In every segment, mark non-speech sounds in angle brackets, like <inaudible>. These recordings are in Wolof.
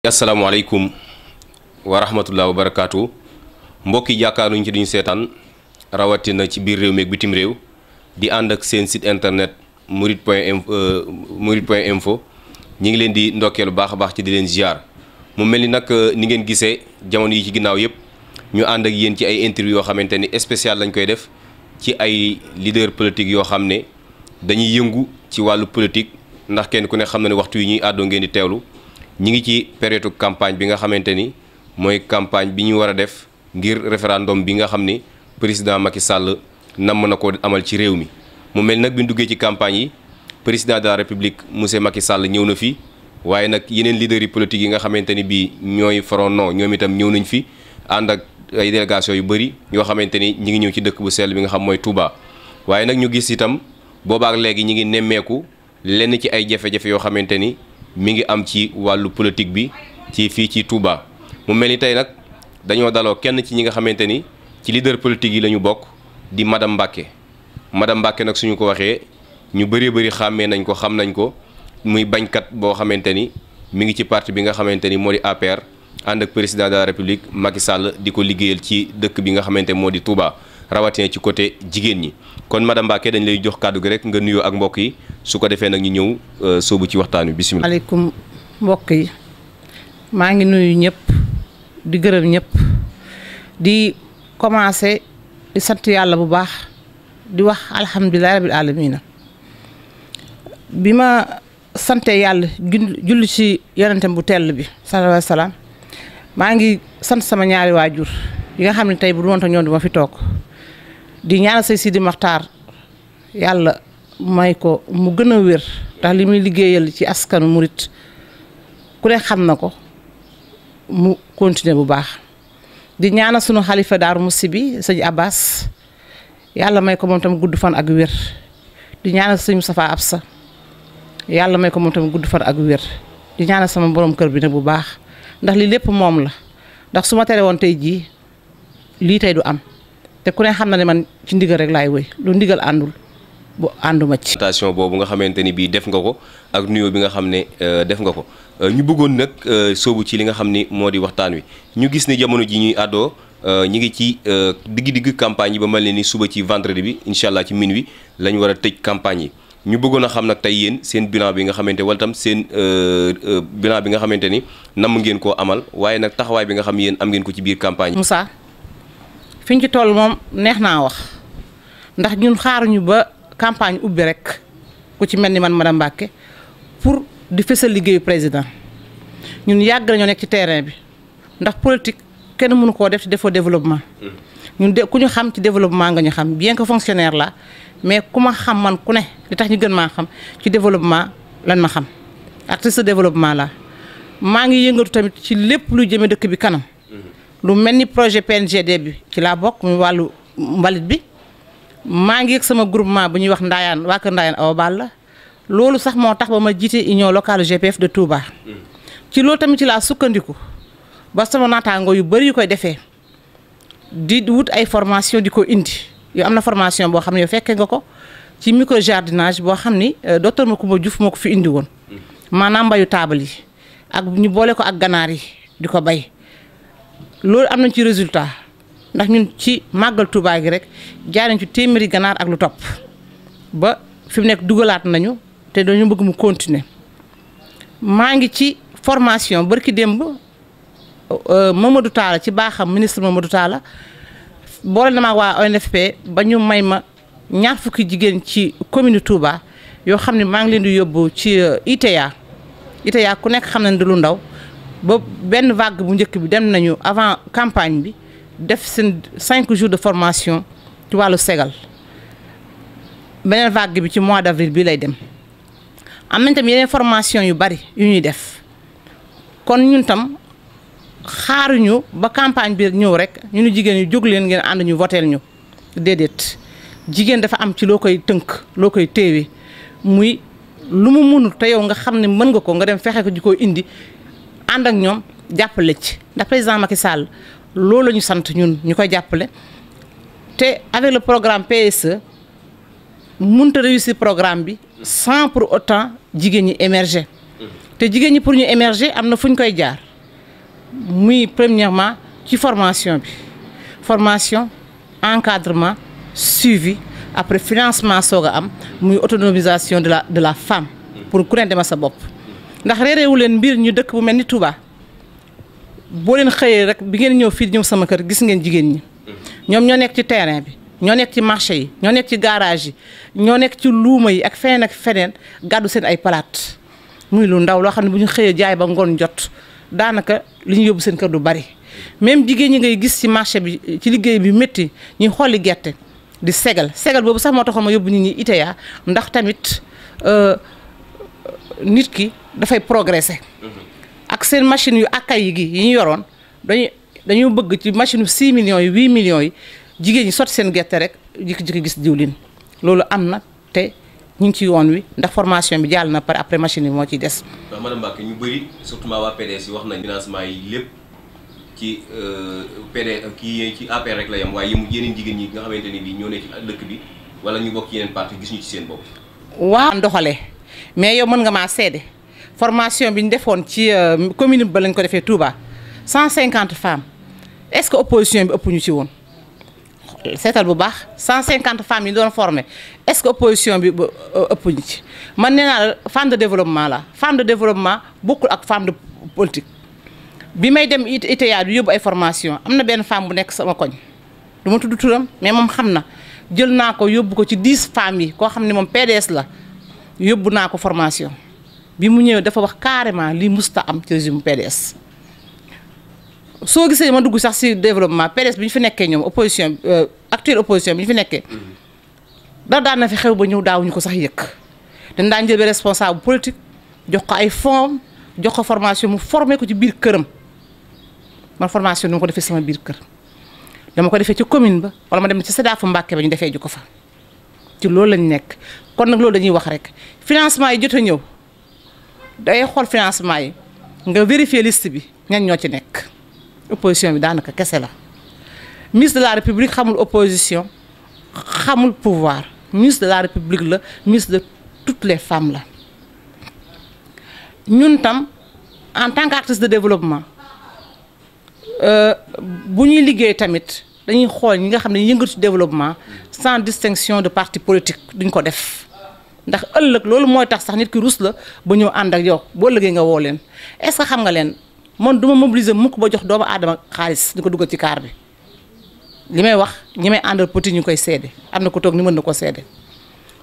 asalaamaaleykum wa rahmatullah wa barakaatu mbokki jàkkaaruñ ci duñu seetaan rawatina ci biir réew mi ak bitim réew di ànd ak seen site internet murit point info euh, murit point info ñi ngi leen di ndokkeel bu baax a baax ci di leen ziar mu mel ni nag euh, ni ngeen gisee jamono yi ci ginnaaw yëpp ñu ànd ak yéen ci ay interview yoo xamante ni spécial lañ koy def ci ay leader politique yoo xam ne dañuy yëngu ci wàllu politique ndax kenn ku ne xam na ne waxtu yi ñuy àddoo ngeen di teewlu ñi ngi ci période campagne bi nga xamante ni mooy campagne bi ñu war a def ngir référendum bi nga xam ni président Macky Sall namm na ko amal ci réew mi mu mel nag bi ñu duggee ci campagne yi président de la république monsieur Macky Sall ñëw na fi waaye nag yeneen leaders yi politique yi nga xamante ni bii ñooy Front Non ñoom itam ñëw nañ fi ànd ak ay délégation yu bëri yoo xamante ni ñi ngi ñëw ci dëkk bu sell bi nga xam mooy Touba waaye nag ñu gis itam boobaak léegi ñi ngi nemmeeku lenn ci ay jafe yoo xamante ni mi ngi am ci wàllu politique bi ci fii ci Touba mu mel ni tey nag dañoo daloo kenn ci ñi nga xamante ni ci leader politique yi la ñu bokk di madame Mbacke madame Mbacke nag suñu ko waxee ñu bëree bëri xàmmee nañ ko xam nañ ko muy bañkat boo xamante ni mi ngi ci parti bi nga xamante ni moo di APR ànd ak président de la république Macky di ko liggéeyal ci dëkk bi nga xamante moo di Touba rawatina ci côté jigéen ñi. kon madame Mbacké dañ lay jox kàddu gi rek nga nuyoo ak mbokk yi su ko defee nag ñu ñëw euh, soobu ci waxtaan wi bisimilah. maaleykum mbokk yi maa ngi nuyu ñëpp di gërëm ñëpp di commencé di sant yàlla bu baax di wax alhamdulilah rabil alamina bi ma sante yàlla julli ci yonentem bu tell bi sallallahu alayhi wasallam maa ngi sant sama ñaari waajur yi nga xam ne tey bu du woon ñoom du ma fi toog. di ñaanal say Sidi Maxtaar yàlla may ko mu gën a wér ndax li muy liggéeyal ci askanu murit ku ne xam na ko mu continuer bu baax di ñaanal sunu xalifa daaru musi bi sëñ Abbas yàlla may ko moom tam gudd fan ak wér di ñaana sëñ Safa Absa yàlla may ko moom gudd fan ak wér di ñaanal sama borom kër bi nag bu baax ndax lii lépp moom la ndax su ma tere woon tey jii lii tey du am te ku ne xam na ne man ci ndigal rek laay wéy lu ndigal àndul bu ànduma ci. station boobu nga xamante ni bii def nga ko ak nuyoo bi nga xam ne euh, def nga ko euh, ñu bëggoon nag euh, soobu ci li nga xam ni moo di waxtaan wi ñu gis ne jamono ji ñuy àddoo ñu ngi ci digg-digg campagne yi ba mel ne ni suba ci vendredi bi incha allah ci minuit la ñu war tëj campagne yi. ñu bëggoon a xam nag tey yéen seen bilan bi nga xamante wala tam seen bilan bi nga xamante ni nam ngeen koo amal waaye nag taxawaay bi nga xam yéen am ngeen ko ci biir campagne Moussa fi ñu ci toll moom neex naa wax ndax ñun xaaruñu ba campagne ubbi rek ku ci mel ni man madame Mbacké pour di fësal liggéeyu président ñun yàgg nañoo nekk ci terrain bi ndax politique kenn mënu koo def ci defoo développement. ñun de ku ñu xam ci développement nga ñu xam bien que fonctionnaire la mais ku ma xam man ku ne li tax ñu gën maa xam ci développement lan ma xam artiste développement la maa ngi yëngatu tamit ci lépp lu jëme dëkk bi kanam. lu mel ni projet PNGD bi ci laa bokk muy wàllu mbalit bi maa ngi ak sama groupement bu ñuy wax Ndaayaan waa kër Ndaayaan Awa Balla la loolu sax moo tax ba ma jiite union locale GPF de Touba. ci loolu tamit ci laa sukkandiku ba sama naataango yu bëri yu koy defee di wut ay formation di ko indi yow am na formation boo xam ne yow fekkee nga ko ci micro jardinage boo xam ni euh, docteur Macoumba ma moo ko fi indi woon mm. maanaam mbayu taabal yi ak ñu boole ko ak ganaar yi di ko bay. loolu am nañ ci résultat ndax ñun ci màggal Touba gi rek jaay nañ ci téeméeri ganaar ak lu topp ba fi mu nekk dugalaat nañu te dañu bëgg mu continuer maa ngi ci formation bërki démb euh, Mamadou Talla ci baaxam ministre Mamadou Talla boole na ma waa ONFP ba ñu may ma ñaar fukki jigéen ci commune Touba yoo xam ne maa ngi leen di yóbbu ci euh, ITA e ITA e ku nekk xam nañ du lu ndaw. ba benn vague bu njëkk bi dem nañu avant campagne bi def seen cinq jours de formation ci wàllu segal beneen vague bi ci mois d'avril bii lay dem am nañ tam yeneen formation yu bari yu ñuy def kon ñun tam xaaruñu ba campagne bi ñëw rek ñu nu jigéen ñu jóg leen ngeen ànd ñu voteel ñu déedéet jigéen dafa am ci loo koy tënk loo koy téewe muy lu mu mënul te yow nga xam ne mën nga ko nga dem fexe ko ji ko indi ànd ak ñoom jàppale ci ndax président Macky Sall loolu la ñu sant ñun ñukoy jappalé Té avec le programme PSE mënut a réussir programme bi sans pour autant jigéen ñi émerger Té jigéen ñi pour ñu émerger amna fuñ koy jaar muy premièrement ci formation bi formation encadrement suivi après financement soga am muy autonomisation de la de la femme pour ku ne dema sa bop ndax réeréewu leen mbir ñu dëkk bu mel ni Touba boo leen xëyee rek bi ngeen ñëw fii ñëw sama kër gis ngeen jigéen ñi ñoom ñoo nekk ci terrain bi ñoo nekk ci marché yi ñoo nekk ci garage ñoo nekk ci luuma yi ak feneen ak feneen gàddu seen ay palaat muy lu ndaw loo xam ne bu ñu xëyee jaay ba ngoon jot daanaka li ñu yóbbu seen kër du bari même jigéen ñi ngay gis ci marché bi ci liggéey bi métti ñuy xolli gerte di segal segal boobu sax moo taxoon ma yóbbu nit ñi iteya ndax tamit euh, nit ki dafay progresser ak seen machine yu accueil gi yi ñu yoroon dañu dañoo bëgg ci machine 6 millions 8 millions yi jigéen ñi sotti seen gerte rek jikki-jikki gis diwlin loolu am na te ñu ngi ci yoon wi ndax formation bi jàll na pare après machine bi moo ciy des. waaw madame Mbacke ñu bëri surtout waa PDS yi wax nañ financement yi lépp ci euh, PDS kii ci APR rek la yam waaye yemu yeneen jigéen ñi nga xamante ni ñoo ne ci dëkk bi wala ñu bokk yeneen parti gis ñu ci seen bopp. waaw ndoxalee mais yow mën nga maa seede. formation bi ñu defoon ci euh, commune ba lañ ko defee cent cinquante femmes est-ce que opposition bi ëpp ñu ci woon seetal bu baax cent cinquante femmes yi ñu doon est-ce que opposition bi euh, ëpp ñu ci man nee naa la de développement la femme de développement bokkul ak femme de politique bi may dem ITA du yóbbu ay formation am na benn femme bu nekk sama koñ du ma tudd turam mais moom xam na jël naa ko yóbbu ko ci 10 femmes yi koo xam ne moom PDS la yóbbu naa ko formation bi mu ñëwee dafa wax carrément li musta am ci régime PDS soo gisee ma dugg sax si développement PDS bi ñu fi nekkee ñoom opposition euh, actuelle opposition bi ñu fi nekkee dara daan na fi xew ba ñëw daawuñu ko sax yëkk dañ daan jël responsable politique jox ko ay fonds jox ko formation mu formé ko ci biir këram ma formation nu ma ko defee sama biir kër dama ko defee ci commune ba wala ma dem ci SEDAF Mbàkke ba ñu defee ju ko fa ci loolu lañ nekk kon nag loolu dañuy wax rek financement yi jot ñëw. day financement liste ministre de la république xamul opposition xamul pouvoir ministre de la république le ministre de toutes les femmes Nous, en tant qu'artiste de développement euh, bu ñuy liggéey tamit dañuy développement sans distinction de parti politique ndax ëllëg loolu mooy tax sax nit ki rus la ba ñëw ànd ak yow boo ëllëgee nga woo leen est ce que xam nga leen man du ma mobiliser mukk ba jox doomu aadama xaalis ñu ko duggal ci kaar bi li may wax ñi àndal petit ñu koy seede am na ko toog ni mën na ko seede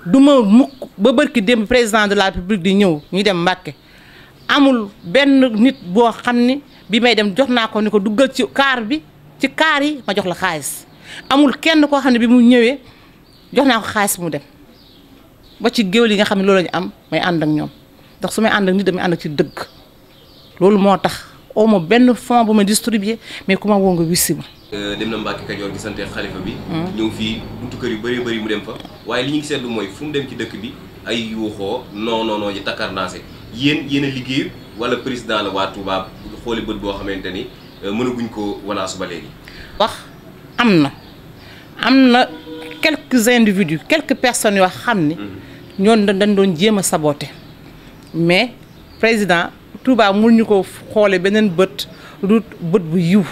du ma mukk ba bërki démb président de la république di ñëw ñu dem Mbàkke amul benn nit boo xam ni bi may dem jox naa ko ni ko duggal ci kaar bi ci kaar yi ma jox la xaalis amul kenn koo xam ne bi mu ñëwee jox naa ko xaalis mu dem ba ci géwél yi nga xam ne loolu lañu am may ànd ak ñoom ndax su may ànd ak nit damay ànd ak ci dëgg loolu moo tax aw ma benn fond bu ma distribué mais ku ma woo nga wisi ma. Euh, dem na Mbacke Kajoor sante xalifa bi. Hmm. ñëw fii buntu kër yu bëree bëri mu dem fa. waaye li ñu ngi seetlu mooy fu mu dem ci dëkk bi ay yuuxoo non non non yi takkar naase yéen yéen a liggéey wala président la waa Touba xooli bët boo xamante ni euh, mënaguñ ko wala suba léegi. wax na. quelques individus quelques personnes yoo xam ni. ñoon dañ doon jéem a sabote mais président Touba mun ñu ko xoole beneen bët lu bët bu yiw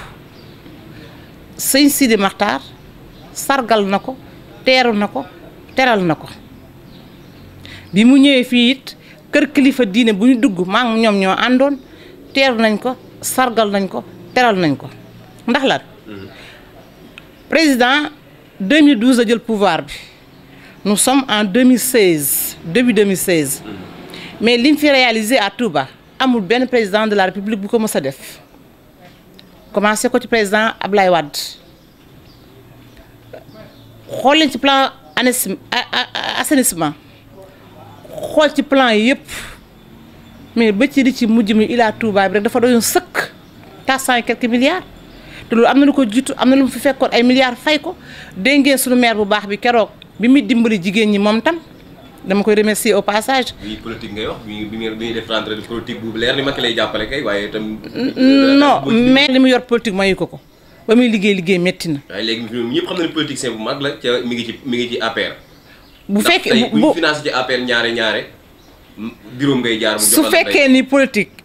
sëñ Sidi Martar, sargal na ko nako, na ko teral nako. ko bi mu ñëwee fii it kër kilifa diine bu dugg maa ngi ñoom ñoo àndoon teeru nañ ko sargal nañ ko teral nañ ko ndax la mm-hmm. président 2012 a le pouvoir bi nous sommes en 2016 début 2016 mais li mu fi réalisé à Touba amul ben président de la République bu ko a def commencé ko ci président Ablaye Wade Xol leen ci plan assainissement Xol ci plan yep. mais ba ci di ci mujj Ila Touba bi rek dafa doyoon seuk 400 et quelques milliards. te loolu am na lu ko jiitu am na lu mu fi fekkoon ay milliards fay ko dégg ngeen sunu maire bu baax bi keroog bi muy dimbali jigéen ñi moom tam dama koy remercier au passage. bi politique ngay wax bi bi ngeen bi def rentrée politique bu leer ni Macky lay jàppale kay waaye itam. non mais li mu yor politique mayu ko ko ba muy liggéey liggéey métti na. waaye léegi ñëpp xam na ne politicien bu mag la ca mi ngi ci mi ngi ci APR. bu fekkee bu bu financé ci APR ñaare ñaare. juróom ngay jaar mu su fekkee ni politique.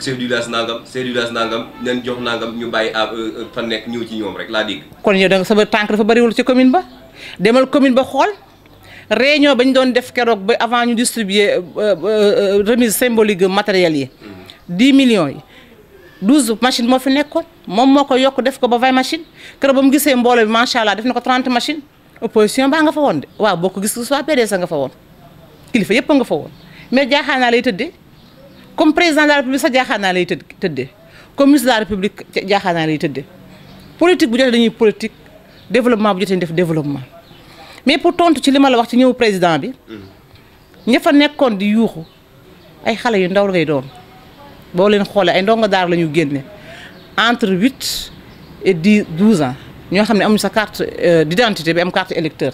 chef du village nangam chef du village nangam nañ jox nangam ñu bàyyi euh, euh, fa nekk ñëw ci ñoom rek laa dégg. kon yow da nga sama tànk dafa bëriwul ci commune ba demal commune ba xool réunion ba ñu doon def keroog ba avant ñu distribuer euh, remise symbolique matériel yi. 10 mm-hmm. millions yi. douze machine moo fi nekkoon moom moo ko yokk def ko ba vingt machine kër ba mu gisee mbooloo bi macha allah def na ko trente machine opposition baa nga fa woon de waaw boo ko gis soit PDS nga fa woon kilifa yëpp nga fa comme président de la république sax jaaxaanaa lay tëdd tëddee comme ministre de la république jaaxaanaa lay tëddee bu jotee dañuy politique développement bu jotee def développement mais pour tontu ci li ma la wax ci ñëw président bi ña fa nekkoon di yuuxu ay xale yu ndaw la ngay doon boo leen xoolee ay ndongo daara la ñu génne entre huit et dix douze ans ñoo xam ne am amuñu sa carte euh, d'identité bi am carte électeur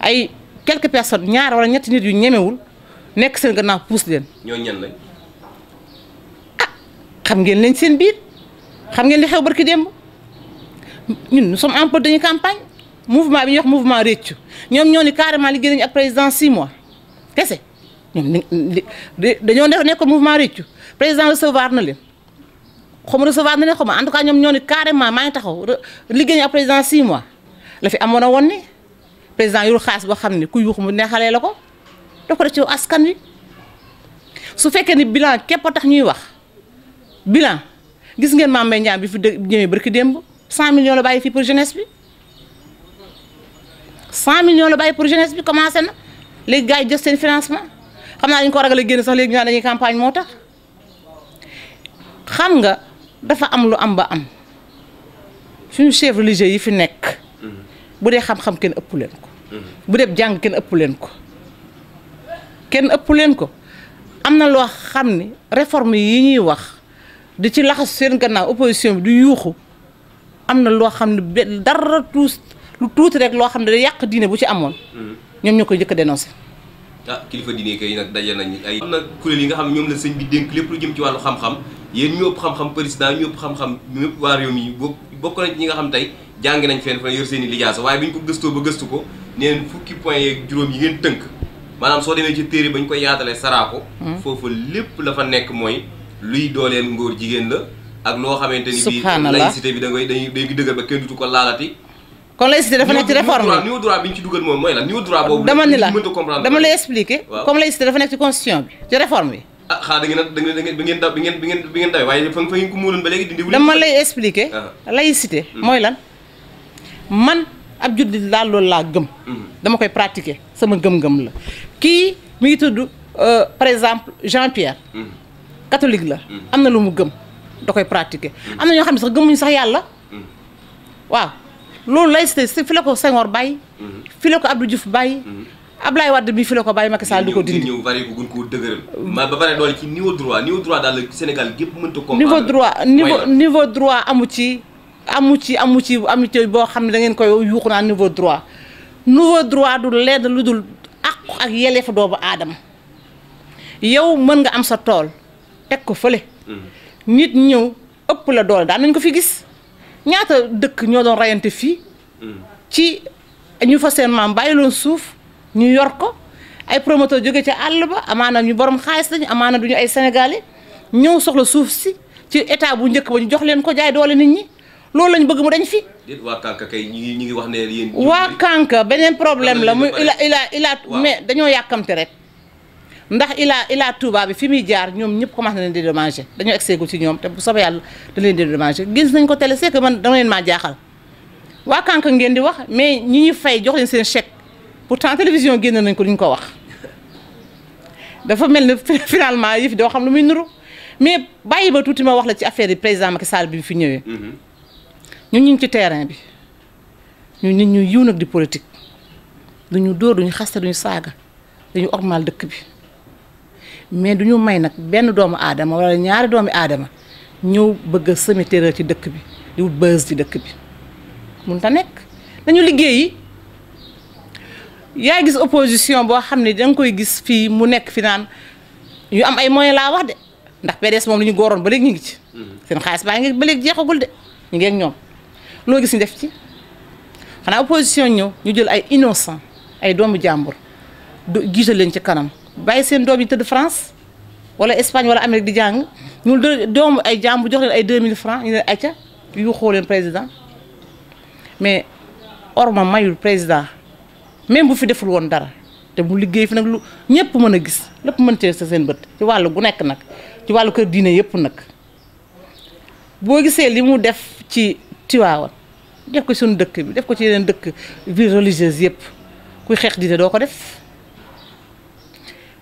ay quelques personnes ñaar wala ñetti nit yu ñemewul nekk seen gannaaw pousse leen. ñoo ñan lañ. xam ngeen leen seen biir xam ngeen li xew barki démb ñun nous sommes en peu dañu campagne mouvement bi ñuy wax mouvement réccu ñoom ñoo ni carrément liggéey nañu ak président six mois kese ñoom dañoo nekk mouvement réccu président recevoir na leen xaw ma recevoir na leen xaw ma en tout cas ñoom ñoo ni carrément maa ngi taxaw liggéey nañu ak président six mois la fi amoon a woon ni président yul xaas boo xam ne ku yuux mu neexalee la ko daf ko def ci askan wi su fekkee ni bilan képp tax ñuy wax bilan gis ngeen mambe Mbaye bi fi ñëwé barki demb 100 millions la bàyyi fi pour jeunesse bi 100 millions la bàyyi pour jeunesse bi commencé na léegi gars jëss sen financement xamna ñu ko ragal a sax légui ñaan dañuy campagne motax xam nga dafa am lu am ba am suñu chef religieux yi fi nek mm-hmm. bu dee xam-xam kenn ëpp leen ko mm-hmm. bu dee jàng kenn ëpp leen ko kenn ëpp leen ko amna lo xamni réforme yi ñuy wax di ci laxas seen gannaaw opposition bi du yuuxu am na loo xam ne dara tuus lu tuuti rek loo xam ne da yàq diine bu ci amoon. Mm-hmm. ñoom ñoo koy jëkk a dénoncé. ah kilifa diine kay nag daje nañ ay. am na kuréel yi nga xam ne ñoom la sëñ bi dénk lépp lu jëm ci wàllu xam-xam yéen ñu ëpp xam-xam président ñu ëpp xam-xam ñu ëpp waa réew mi bokk nañ ci ñi nga xam tey jàng nañ fenn fa yor seen i lijaasa waaye bi ñu ko gëstoo ba gëstu ko neen fukki point juróom yi tënk maanaam soo demee ci téere ba koy yaatalee saraa mm-hmm. foofu lépp la fa nekk mooy luy dooleel ngóor jigéen la ak loo xamante ni bii laïcité bi da ngay dañuy day dëgër ba kenn dutu ko laalati kon laïcité dafa nekk ci réforme bi ñu ci dugal moom mooy lan niveau droit boobu dama ni la dama lay expliquer comme laïcité dafa nekk ci constitution bi ci réforme bi ah xaa da ngeen da ngeen da ngeen daw ah. hmm. man ab jullit laa loolu laa gëm hmm. dama koy pratiquer sama gëm-gëm la kii mi ngi tudd euh, par exemple Jean Pierre hmm. catholique la. Mm-hmm. am na lu mu gëm da koy pratiquer. am na ñoo xam ne sax gëmuñu sax yàlla. Mm-hmm. waaw loolu laïcité fi la ko Senghor bàyyi. Mm-hmm. file la ko Abdou Diouf bàyyi. Ablaye Wade bi fi la ko bàyyi Macky Sall di ko dindi. ñëw ko gën koo dëgëral. ma ba pare doole ci niveau droit niveau droit daal niveau droit amu ci. amu ci amu ci amu boo xam ne da ngeen koy yuuxu naa niveau droit niveau droit du lenn lu dul àqu ak yelleefu doomu aadama yow mën nga am sa tool. teg ko fële. Mhm. nit ñëw ëpp la doole daan nañ ko fi gis ñaata dëkk ñoo doon rayante fii. Mhm. ci ñu fa seen maam bàyyi loon suuf ñu yor ko ay promoteur jóge ci àll ba amaana ñu borom xaalis lañu amaana duñu ay sénégalais ñëw soxla suuf si ci état bu njëkk ba ñu jox leen ko jaay doole nit ñi loolu lañ bëgg mu dañ fi. waa Kanka kay ñu ngi wax ne waa Kanka beneen problème la muy ila ila ila mais dañoo yàkkamte rek. ndax ilaa ilaa Touba bi fi muy jaar ñoom ñëpp commencé na leen di dédommagé dañoo egseegu ci ñoom te bu soobee yàlla da leen di gis nañ ko télé c'est que man dama leen maa jaaxal waa kànk ngeen di wax mais ñi ñuy fay jox leen seen chèque pourtant télévision génn nañ ko duñ ko wax dafa mel ne finalement yëf doo xam lu muy nuru mais bàyyi ma tuuti ma wax la ci affaire yi président Macky Sall bi fi ñëwee mm-hmm. ñun ñu ngi ci terrain bi ñu nit ñu yiw nag di politique duñu dóor duñu xaste duñu saaga dañu ormal dëkk bi mais du ñu may nag benn doomu aadama wala ñaari doomi aadama ñëw bëgg a semer ci dëkk bi di wut ci dëkk bi mun ta nekk dañu liggéeyi yaa gis opposition boo xam ne danga koy gis fii mu nekk fi naan ñu am ay moyen laa wax de ndax PDS moom li ñu góoroon ba léegi ñu ngi ci. Mhm. seen xaalis baa ngi ba léegi jeexagul de ñu ngi ak ñoom loo gis ñu def ci xanaa opposition ñëw ñu jël ay innocent ay doomu jàmbur du jiital leen ci kanam. bàyyi seen doom yi tëdd France wala Espagne wala Amérique di jàng ñun doomu ay jàmbu jox leen ay 2000 francs ñu leen acca yu xoo leen président mais orma mayul président même bu fi deful woon dara te bu liggéey fi nag lu ñëpp mën a gis lépp mën cee sa seen bët ci wàllu bu nekk nag ci wàllu kër diine yëpp nag boo gisee li mu def ci Tiwaawan def ko suñu dëkk bi def ko ci yeneen dëkk ville religieuse yëpp kuy xeex diine doo ko def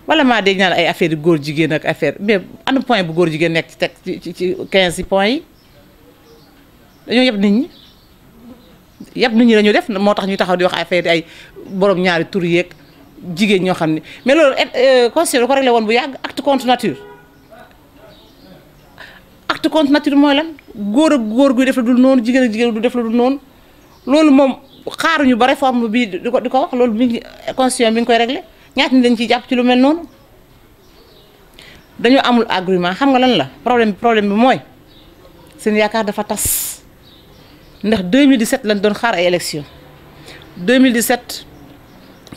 wala maa dégg naa ay affaire yu góor jigéen ak affaire mais anu point bu góor jigéen nekk ci teg ci ci quinze points yi dañoo yeb nit ñi yeb nit ñi la ñu def moo tax ñu taxaw di wax affaire ay borom ñaari tur yeeg jigéen ñoo xam ne mais loolu euh, constitution ko réglé woon bu yàgg acte contre nature acte contre nature mooy lan góor ak góor guy def la dul noonu jigéen ak jigéen du def la dul noonu loolu moom xaaruñu ba réforme bi di ko di ko wax loolu mi ngi constitution mi ngi koy réglé ñaata nit dañ ciy jàpp ci lu mel noonu dañoo amul argument xam nga lan la problème bi problème bi mooy seen yaakaar dafa tas ndax 2017 lañ doon xaar ay élection 2017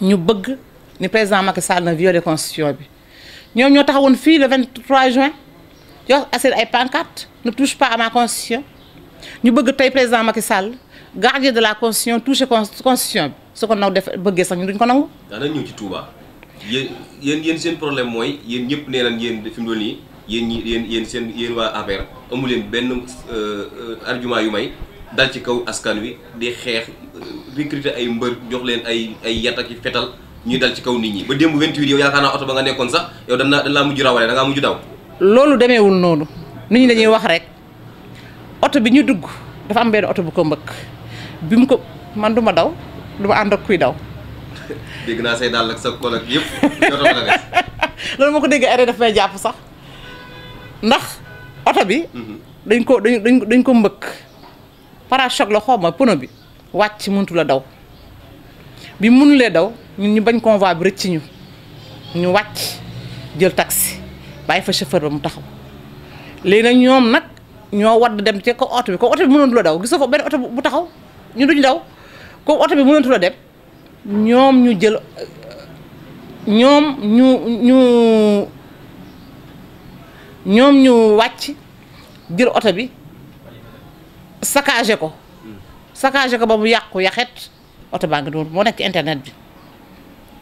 ñu bëgg ni président Macky Sall na violé constitution bi ñoom ñoo taxawoon fii le 23 juin jox asir ay pancarte ne touche pas à ma constitution ñu bëgg tey président Macky Sall gardien de la constitution touche constitution bi su ko naw def bëggee sax ñu duñ ko nangu. daanaka ñëw ci Touba. yéen yéen yéen seen problème mooy yéen ñëpp nee nañ yéen fi doon nii yéen ñi yéen yéen seen yéen waa affaire amu leen benn euh, euh, argument yu may dal ci kaw askan wi di xeex euh, recruter ay mbër jox leen ay ay yat ak fetal ñuy dal ci kaw nit ñi ba démb 28 yow yaakaar naa oto ba nga nekkoon sax yow dañ naa dañ laa mujj rawale da ngaa daw. loolu demeewul noonu nit ñi dañuy wax rek oto bi ñu dugg dafa am benn oto bu ko mbëkk bi mu ko man duma daw du ànd ak kuy daw. dégg daal ak sa kol ak yëpp jotoo ko def. <laughs> loolu moo ko déggee arrêté daf may jàpp sax ndax oto bi. Mhm. dañ ko dañ dañ dañ ko mbëkk. parachoc la xawma pono bi wàcc mëntu la daw bi mënulee daw ñun ñu bañ convoi bi rëcc ñu ñu wàcc jël taxi bàyyi fa chauffeur ba mu taxaw léegi nag ñoom nag ñoo wadd dem ci ko oto bi ko oto bi mënatu la daw gisoo fa benn oto bu taxaw ñu duñ daw ko oto bi mënatu dem. ñoom ñu jël ñoom ñu ñu ñoom ñu wàcc jël oto bi saccagé ko saccagé ko ba mu yàqu yaxet oto baa ngi doon moo nekk internet bi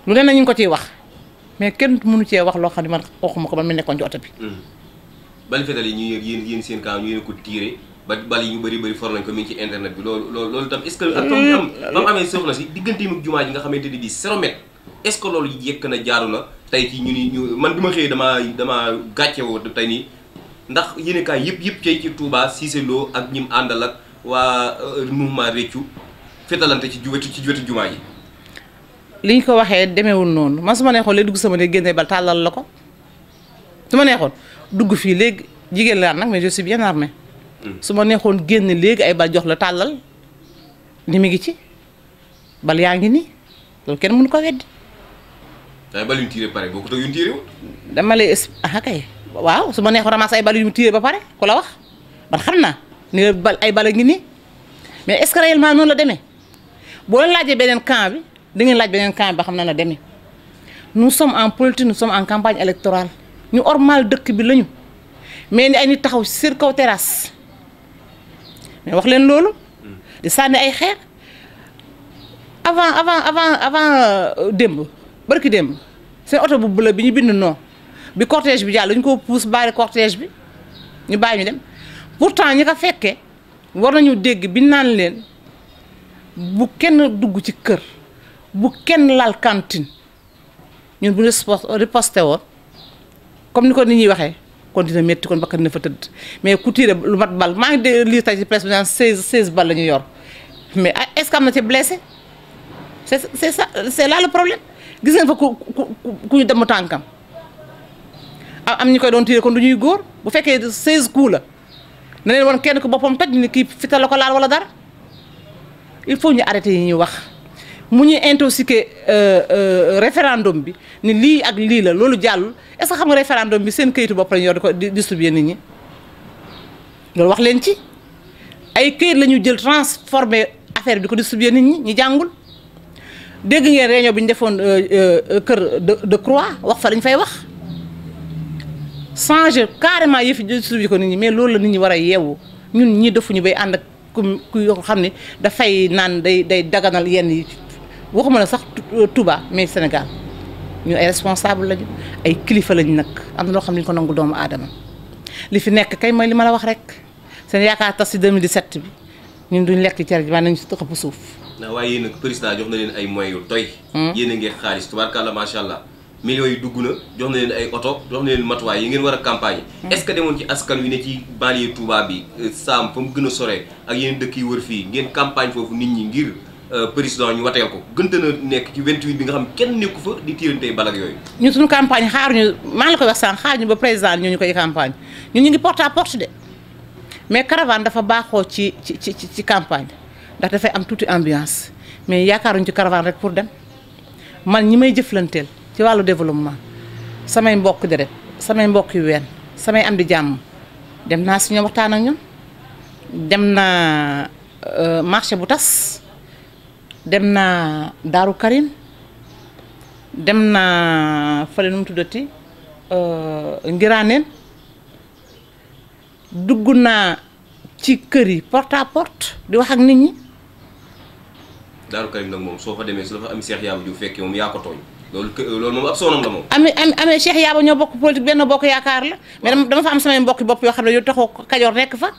lu ne nañu ko ciy wax mais kenn mënu cee wax loo xam ne man waxuma ko man mu nekkoon ci oto bi. Hmm. bal fetal yi ñu yéen yéen seen kaw ñu yéen ko tiire ba bal yi ñu bëri bari for nañ ko mi ci internet bi loolu loolu loolu tam est-ce que ak tom mm. am ba mu amee soxna si digganteem ak jumaa ji nga xamante ni bii zéro mètre loolu yëkk na jaaru na tey ci ñu ni ñu man bi ma xëyee damaa damaa gàcce woo tey nii ndax yéenekaay yëpp yëpp cay ci Touba Cissé Lo ak àndal ak waa euh, mouvement réccu ci wetu ci wetu jumaa ji liñ ko waxee demeewul noonu man su ma neexoon dugg sama ne génnee ba tàllal la ko su ma neexoon dugg fii léegi jigéen laa nag mais je suis bien armée suma nekhon genn leg ay bal jox la talal ni mi ngi ci bal yaangi ni nii ken kenn mënu ko wedd tay bal yu tiré paré pare yu tiré tiiree dama lay ah kay waaw suma ma ramass ay bal yu tiré ba pare kula wax ban xamna ni bal ay bal ngi ni mais est-ce que réellement non la démé bo leen laajee camp bi da ngeen laaj benen camp ba xamna la démé nous sommes en politique nous sommes en campagne électorale ñu ormal dëkk bi lañu mais ni ay nit taxaw sur terrasse. mais wax di avant avant avant avant euh, démb barki C'est autre bu non bi cortège bi cortège pourtant ñi ko fekkee war nañu de bi bu kenn dugg ci cantine comme nous kon dina métti kon bakkan dina fa tëdd mais ku tiire lu mat bal maa ngi de presse bi naan seize ñu yor mais ah, est ce que am na ci blessé c' est c' est ça c' est là le problème gis ngeen fa ku ku ñu dem tànkam am ñu koy doon tiire kon du ñuy góor bu fekkee seize coups la na leen woon kenn ku boppam toj ni kii fital la ko laal wala dara il faut ñu arrêté yi wax mu ñuy intoxiqué euh, euh, référendum bi ni lii ak lii la loolu jàll est que xam nga référendum bi seen këyitu bopp lañ yor di ko distribuer nit ñi loolu wax leen ci ay këyit la ñu jël transformé affaire bi di ko distribuer nit ñi ñu jàngul dégg ngeen réunion bi ñu defoon euh, kër de Croix wax fa lañ fay wax changer carrément yëf yi distribuer ko nit ñi mais loolu la nit ñi war a yeewu ñun ñii defuñu bay ànd ak ku ku yoo xam ne dafay naan day day daganal yenn yi. waxuma la sax euh, Touba mais Sénégal ñu ay responsable lañu ay kilifa lañu nag am na loo xam ne ñu ko nangu doomu aadama li fi nekk kay mooy li ma la wax rek seen yaakaar tas si 2017 bi ñun duñ lekk cere ji nañu si xëpp suuf. waaye yéen a président jox na leen ay moyens yu doy. Hmm? yéen a ngi xaalis tubaarkàlla macha allah millions yi dugg na jox na leen ay oto jox na leen matuwaay yi ngeen war a campagne hmm. est-ce que demoon ci askan wi ne ci banlieue Touba bi euh, saam fa mu gën ak yeneen dëkk yi wër fii ngeen campagne foofu nit ñi Euh, président ñu wateel ko gënte na nekk ci 28 bi nga xam kenn nekku fa di tiirantey balak yooyu ñun suñu campagne xaaruñu maa la koy wax sànq xaaruñu ba président ñu ñu koy campagne ñun ñu ngi porta à de mais caravane dafa baaxoo ci ci ci ci campagne ndax dafay am tuuti ambiance mais yaakaar yaakaaruñu ci caravane rek pour dem man ñi may jëflanteel ci wàllu développement samay mbokk deret samay mbokk yu ween samay am di jàmm dem naa si ñoom waxtaan ak ñoom dem na euh, marché bu tas dem naa Daaru karin dem naa fa nu mu tuddati euh, Ngiraaneen dugg naa ci kër yi porte à porte di wax ak nit ñi. Daaru Karim nag moom soo fa demee su la fa am Cheikh Yaba ju fekkee moom yaa ko tooñ. loolu kë loolu moom ab sonam la moom. ami ami amee Cheikh Yaba ñoo bokk politique benn bokk yaakaar la mais dama fa am samay mbokki bopp yoo xam ne yu taxoo Kajoor nekk fa.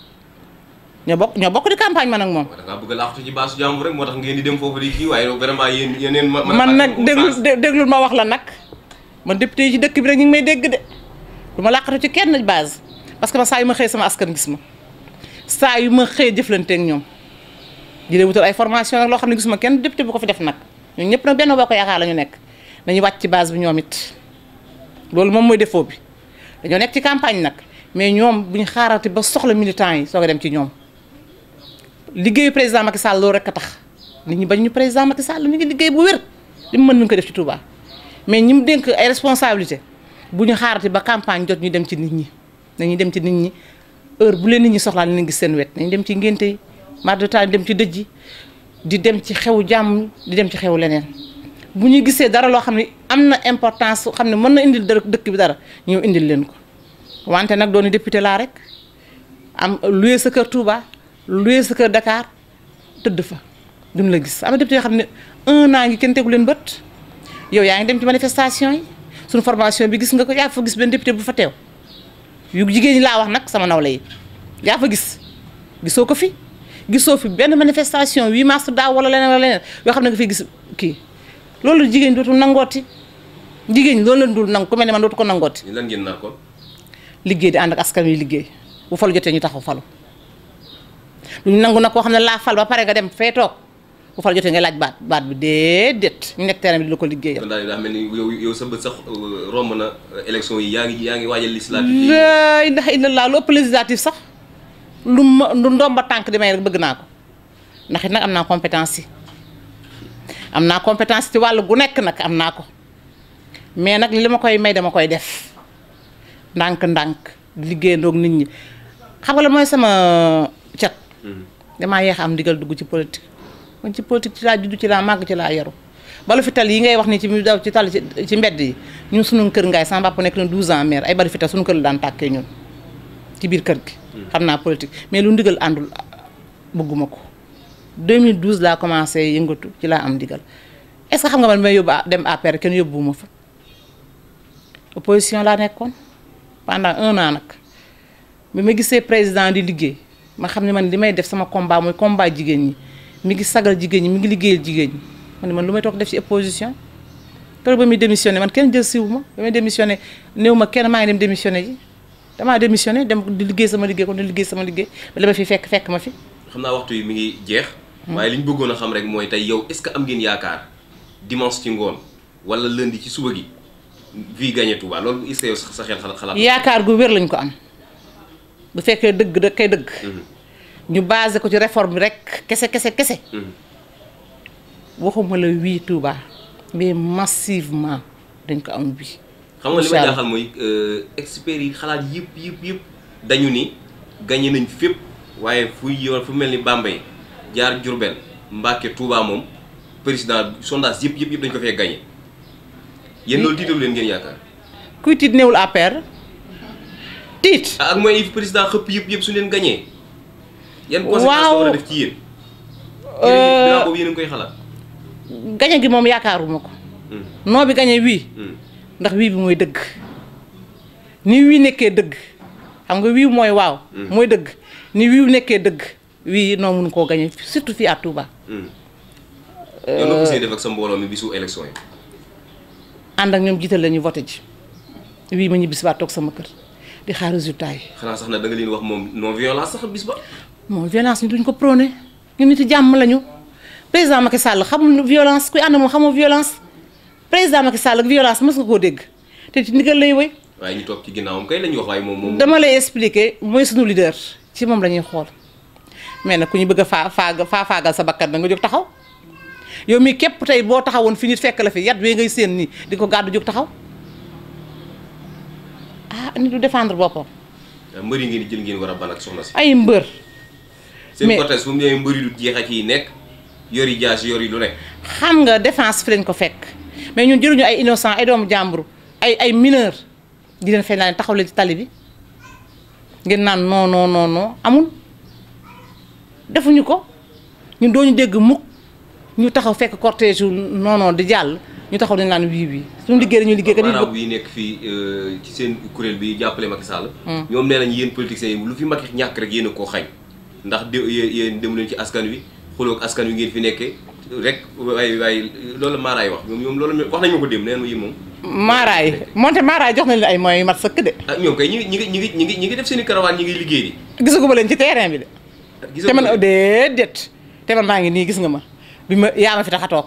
ñoo bokk ñoo bokk di campagne man ak moom. da a laaxtu moo tax ngeen di dem foofu di man nag déglul déglul ma wax la nag man député yi ci dëkk bi rek ñu ngi may dégg de du ma laaxatu ci kenn baas parce que ma saa yu ma xëyee sama askan gis ma saa yu ma xëyee jëflante ak ñoom di leen wutal ay formation loo xam ne gis ma kenn député bu ko fi def nag ñun ñëpp nag benn boo ko yaakaar la ñu nekk dañuy wàcc ci base bi ñoom it loolu moom mooy defoo bi dañoo nekk ci campagne nag mais ñoom bu xaarati ba soxla militant yi soog dem ci ñoom liggéeyu président Macky Sall loolu rek a tax nit ñi bañ ñu président Macky Sall ñu ngi liggéey bu wér li mu mën nañu ko def ci Touba mais ñi mu dénk ay responsabilité bu ñu xaarati ba campagne jot ñu dem ci nit ñi nañuy dem ci nit ñi heure bu leen nit ñi soxlaa nañu gis seen wet nañu dem ci ngénte yi mardi taal dem ci dëj yi di dem ci xew jàmm di dem ci xew leneen bu ñu gisee dara loo xam ne am na importance xam ne mën na indil dara dëkk bi dara ñëw indil leen ko wante nag doon député rek am sa kër luy sa kër Dakar tëdd fa dum la gis am na député yoo xam ne un an gi kenn tegu len bët yow yaangi dem ci manifestation yi suñu formation bi gis nga ko ya fa gis ben député bu fa teew yu jigéen ñi la wax nak sama nawlay ya fa gis gisoo ko fi giso fi ben manifestation 8 mars da wala leneen wala leneen yo xam nga fi gis ki lolou jigéen dootul nangoti jigéen lolou loolu dul nang ku melni man dootu ko nangooti. lan ngeen naa ko. liggéey di and ak askan yi liggéey bu falu jotté ñu taxaw falu. lu nangu na ko xam ne laa fal ba pare nga dem fee toog bu fal jotee ngay laaj baat baat bi déedéet ñu nekk terrain bi lu ko liggéey kon daal daa mel ni yow yow sa bët sax euh, romb euh, yi yaa ngi yaa ngi waajal législative. laa ilaaha illallaah lu ëpp législative sax lu ma lu ndomba tànk di may bëgg naa ko ndax it nag am naa compétence yi am naa compétence ci wàll gu nekk nag am naa ko mais nag li ma koy may dama koy def ndànk-ndànk di liggéeyandoog nit ñi xam nga mooy sama euh, cat. damaa yeex am digal dugg ci politique man ci politique ci laa juddu ci laa màgg ci laa yaru balu fi tal yi ngay wax ni ci daw ci tal ci mbedd yi ñun sunu kër ngaay sama bàpp nekk na 12 ans maire ay balu fi tal sunu kër la daan tàkkee ñun ci biir kër gi hmm. xam naa politique mais lu ndigal àndul bëgguma ko 2012 laa commencé yëngatu ci laa am ndigal est-ce que xam nga man may yóbbu dem APR kenn yóbbuwuma fa opposition laa nekkoon pendant un an nag bi ma gisee président di liggéey ma xamni man limay def sama combat moy combat jigéen ñi mi ngi sagal jigéen ñi mi ngi liggéeyal jigéen ñi man ne man lumay may def ci opposition keroog ba muy démissionné man kenn jël siwu ma ba may démissionné néew ma kenn maa ngi dem démissionné ji dama démissionné dem di liggéey sama liggéey kon di liggéey sama liggéey ba li fi fekk fekk ma fi. xam naa waxtu yi mi ngi jeex. waaye li ñu bëggoon a xam rek mooy tey yow est-ce que am ngeen yaakaar dimanche ci ngoon wala lundi ci suba gi vie gagné Touba loolu est-ce que yow sa xel xalaat. yaakaar gu wér lañ ko am. bu fekkee dëgg da kay dëgg mhm. ñu basé ko ci réforme bi rek kese kese kese mhm. waxuma la wii Touba mais massivement dañ ko am bi xam nga li ma jaaxal mooy euh, experts yi xalaat yëpp yëpp yëpp dañu ni gagné nañ fépp waaye fu yor fu mel ni Bambey jaar Diourbel Mbacke Touba moom président sondage yëpp yëpp yëpp dañ ko fee gagné yéen loolu tiitalu leen ngeen yaakaar kuy tiit néewul APR tiit. Ah, ak mooy président xëpp yëpp yëpp su leen gañee. yan conséquences la def ci yéen. yéen euh, boobu yéen a ngi koy xalaat. gañe gi moom yaakaaruma ko. Hmm. noo bi gañe wii. Hmm. ndax wii bi mooy dëgg. ni wii nekkee dëgg. xam nga wii mooy waaw. Hmm. mooy dëgg ni wii nekkee dëgg. wii noo mun koo gañe surtout fii à Touba. Euh, def ak sa mbooloo mi bisu élection yi. ànd ak ñoom jiital la ñu voté ji wii ma ñibbisi waat toog sama kër. di xaar résultat yi. xanaa sax na da nga leen wax moom non violence sax bis ba. moom violence ñu duñ ko prôné ñun nit jàmm lañu président Macky Sall xamul violence kuy ànd moom xamul violence président Macky Sall ak violence mës nga koo dégg te ci ndigal lay woy. waaye ñu toog ci ginnaawam kay lañuy wax waaye moom moom. dama lay expliquer mooy suñu leader ci moom la ñuy xool mais nag ku ñu bëgg faa faa faa faagal sa bakkan da nga jóg taxaw yow mii képp tey boo taxawoon fi nit fekk la fi yat wee ngay séen nii di ko gàddu jóg taxaw. Ah, ni du défendre bopam ah, mbeuri yi ngeen jël ngeen wara ban ak soxna ci ay mbeur seen cortège fu mu ne mbër du jeex ak yi nek yori jaas yori lu nek xam nga défense fi lañ ko fekk mais ñun jëruñu ay innocent ay doomu jambru ay ay mineur di len fay naan taxaw le ci tali bi ngeen nan non non non non amul defuñu ko ñun doñu dégg mukk ñu taxaw fekk cortège non non di jall ñu taxaw dañ naan wii wii suñu liggéey dañu liggéey kat maanaam wii nekk fii euh, ci seen kuréel bi jàppale Macky Sall hmm. ñoom nee nañ yéen politiciens yi lu fi Macky ñàkk rek yéen a koo xañ ndax d dem leen ci askan wi xuloo askan wi ngeen fi nekkee rek waaye waaye loolu maaraay wax ñoom loolu wax nañu ko démb nee yi moom maaraay moonte maaraay jox na leen ay moyens yu mat sëkk de ah, ñoom kay ñi ngi ñi ngi ñi ngi def seen i karawaan ngi liggéey di gisaguma leen ci terrain bi de te man oh, déedéet te man maa ngi nii gis nga ma bi ma yaa ma fi tax a toog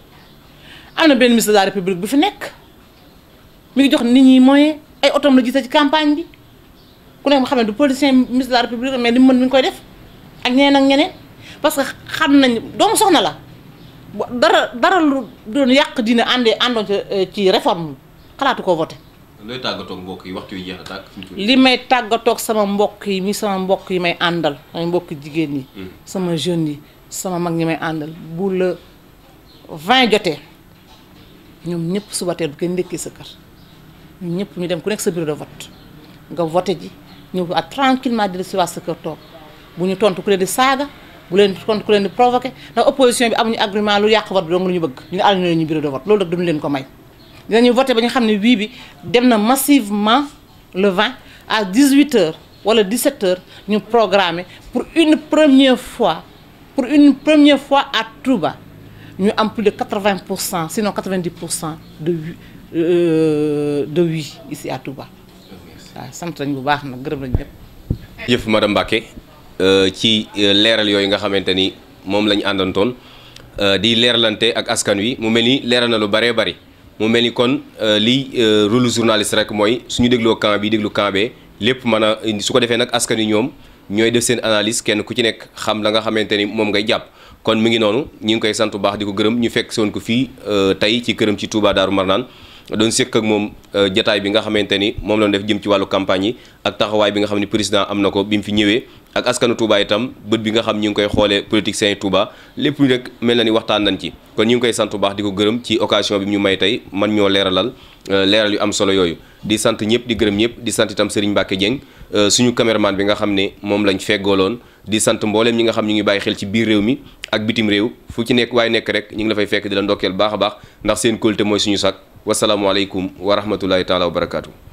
am na benn ministre de la république bu fi nekk mu ngi jox nit ñi mooy ay otom la gisee ci campagne bi ku nekk nga xam ne du politicien ministre de la république mais li mu mën mi ngi koy def ak ñeneen ak ñeneen parce que xam nañ doomu soxna la dara dara lu doon yàq dina àndee àndoon euh, ci réforme xalaatu koo voté. looy tàggatoo mbokk yi waxtu yu jeex a tàgg li may tàggatook sama mbokk yi mi sama mbokk yi may àndal ay mbokk jigéen yi. Hmm. sama jeunes yi sama mag ñi may àndal bu la vingt jotee. Nous ñëpp suba du kenn ndékkee sa kër ñoom ñëpp ñu dem ku nekk bureau de vote nga voté ji Nous tranquillement di si sa kër toog bu ñu tontu ku leen di saaga bu leen tontu ku leen di provoqué ndax opposition bi amuñu argument lu de vote bi dong ñu bëgg ne bureau de vote loolu nag duñu leen ko may dinañu voté ba ñu xam ne bi dem massivement le 20 à 18 heures wala 17 heures ñu programmé pour une première fois pour une première fois à Touba ñu am plus de quatre pour cent sinon quatre-vingt-dix pour cent de euh, de oui ici à Touba waaw bu baax gërëm madame Mbacké euh, ci euh, l'air yooyu nga xamante ni Andanton, dit euh, l'air di leeralante ak askan wi mu mel ni leeral na lu bëree mu journaliste rek moi, suñu dégloo camp bi déglu camp bee lépp mën a su ko askan def analyse kenn ku ci nekk xam la nga ngay kon mi ngi noonu ñu ngi koy sant bu baax di ko gërëm ñu fekk soon ko fii euh, tey ci kërëm ci Touba daaru Marnaan doon sekk ak moom euh, jataay bi nga xamante ni moom la def jëm ci wàllu campagne yi taxawaay bi nga xam ne président am na ko bi mu fi ñëwee ak askanu Touba itam bët bi nga xam ñu ngi koy xoolee politiciens Touba lépp lu rek mel na ni waxtaan nañ ci kon ñu ngi koy sant bu baax di ko gërëm ci occasion bi ñu may tey man ñoo leeralal euh, leeral yu am solo yooyu di sant ñëpp di gërëm ñëpp di sant itam Serigne Mbacke Dieng suñu caméraman bi nga xam ne moom lañ feggooloon di sant mboolem ñi nga xam ñu ngi bàyyi xel ci biir réew mi ak bitim réew fu ci nekk waaye nekk rek ñu ngi la fekk di la ndokkeel baax a baax ndax seen kóolute mooy suñu sàkk wasalaamualeykum wa rahmatullahi taala wa barakaatu.